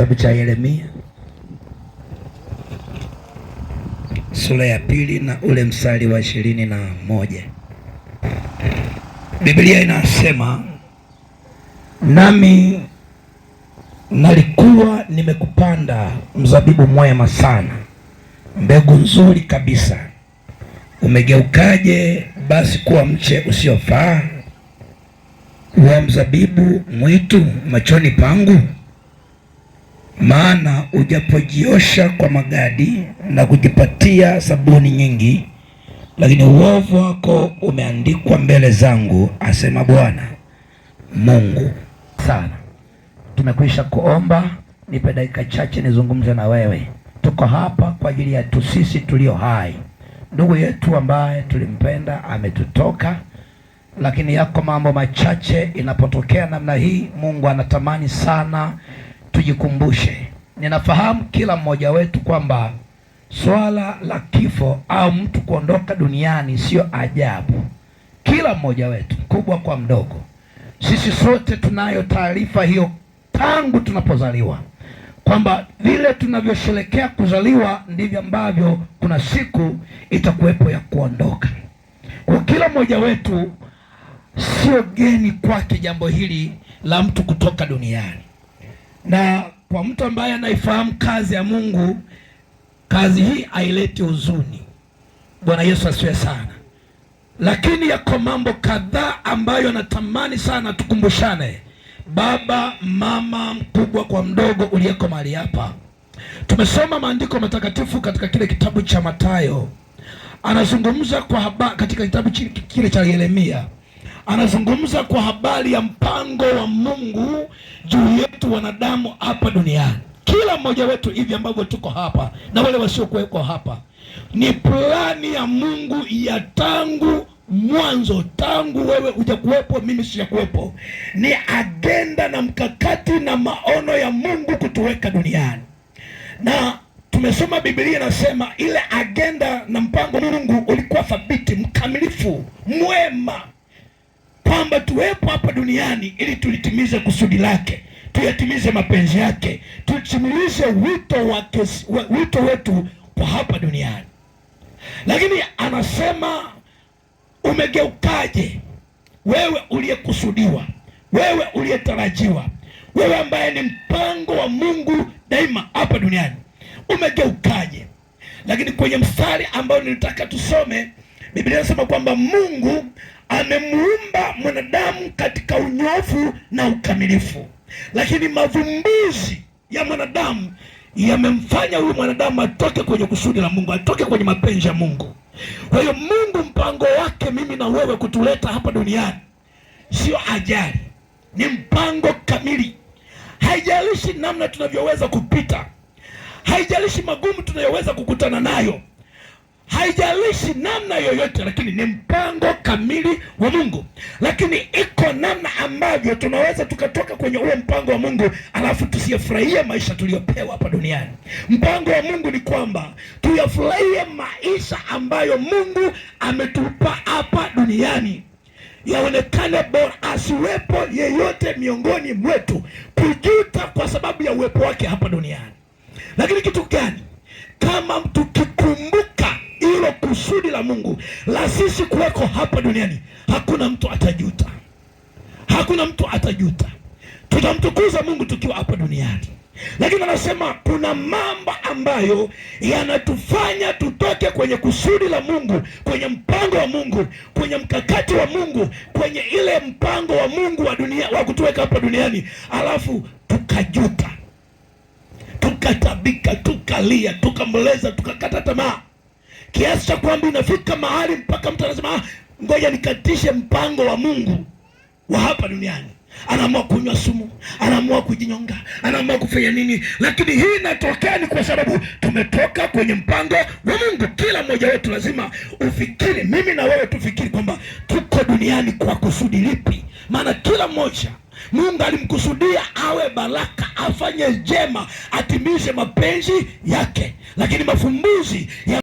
Kitabu cha Yeremia sura ya pili na ule mstari wa ishirini na moja Biblia inasema, nami nalikuwa nimekupanda mzabibu mwema sana, mbegu nzuri kabisa, umegeukaje basi kuwa mche usiofaa wa mzabibu mwitu machoni pangu? maana ujapojiosha kwa magadi na kujipatia sabuni nyingi, lakini uovu wako umeandikwa mbele zangu, asema Bwana Mungu. Sana tumekwisha kuomba, nipe dakika chache nizungumze na wewe. Tuko hapa kwa ajili ya tu sisi tulio hai. Ndugu yetu ambaye tulimpenda ametutoka, lakini yako mambo machache. Inapotokea namna hii, Mungu anatamani sana tujikumbushe. Ninafahamu kila mmoja wetu kwamba swala la kifo au mtu kuondoka duniani sio ajabu. Kila mmoja wetu, mkubwa kwa mdogo, sisi sote tunayo taarifa hiyo tangu tunapozaliwa kwamba vile tunavyosherekea kuzaliwa ndivyo ambavyo kuna siku itakuwepo ya kuondoka. Kwa kila mmoja wetu, sio geni kwake jambo hili la mtu kutoka duniani na kwa mtu ambaye anaifahamu kazi ya Mungu, kazi hii haileti huzuni. Bwana Yesu asiwe sana, lakini yako mambo kadhaa ambayo natamani sana tukumbushane, baba mama, mkubwa kwa mdogo, uliyeko mahali hapa. Tumesoma maandiko matakatifu katika kile kitabu cha Mathayo, anazungumza kwa haba, katika kitabu kile cha Yeremia anazungumza kwa habari ya mpango wa Mungu juu yetu wanadamu hapa duniani. Kila mmoja wetu hivi ambavyo tuko hapa na wale wasiokuweko hapa ni plani ya Mungu ya tangu mwanzo, tangu wewe hujakuwepo, mimi sijakuwepo, ni agenda na mkakati na maono ya Mungu kutuweka duniani na tumesoma Biblia inasema ile agenda na mpango Mungu ulikuwa thabiti, mkamilifu, mwema kwamba tuwepo hapa duniani ili tulitimize kusudi lake, tuyatimize mapenzi yake, tutimilize wito wake, wito wetu kwa hapa duniani. Lakini anasema umegeukaje wewe uliyekusudiwa, wewe uliyetarajiwa, wewe ambaye ni mpango wa Mungu daima hapa duniani, umegeukaje? Lakini kwenye mstari ambao nilitaka tusome Biblia inasema kwamba Mungu amemuumba mwanadamu katika unyofu na ukamilifu, lakini mavumbuzi ya mwanadamu yamemfanya huyu mwanadamu atoke kwenye kusudi la Mungu, atoke kwenye mapenzi ya Mungu. Kwa hiyo Mungu, mpango wake mimi na wewe kutuleta hapa duniani sio ajali, ni mpango kamili. Haijalishi namna tunavyoweza kupita, haijalishi magumu tunayoweza kukutana nayo, haijalishi namna yoyote, lakini ni mpango kamili wa Mungu. Lakini iko namna ambavyo tunaweza tukatoka kwenye ule mpango wa Mungu alafu tusiyafurahie maisha tuliyopewa hapa duniani. Mpango wa Mungu ni kwamba tuyafurahie maisha ambayo Mungu ametupa hapa duniani, yaonekane bora, asiwepo yeyote miongoni mwetu kujuta kwa sababu ya uwepo wake hapa duniani. Lakini kitu gani kama mtu la Mungu la sisi kuweko hapa duniani, hakuna mtu atajuta, hakuna mtu atajuta. Tutamtukuza Mungu tukiwa hapa duniani, lakini anasema kuna mambo ambayo yanatufanya tutoke kwenye kusudi la Mungu, kwenye mpango wa Mungu, kwenye mkakati wa Mungu, kwenye ile mpango wa Mungu wa dunia wa kutuweka hapa duniani, alafu tukajuta, tukatabika, tukalia, tukamleza, tukakata tamaa kiasi cha kwamba unafika mahali mpaka mtu anasema ah, ngoja nikatishe mpango wa Mungu wa hapa duniani. Anaamua kunywa sumu, anaamua kujinyonga, anaamua kufanya nini, lakini hii inatokea ni kwa sababu tumetoka kwenye mpango wa Mungu. Kila mmoja wetu lazima ufikiri, mimi na wewe tufikiri kwamba tuko duniani kwa kusudi lipi, maana kila mmoja Mungu alimkusudia awe baraka, afanye jema, atimishe mapenzi yake, lakini mafumbuzi ya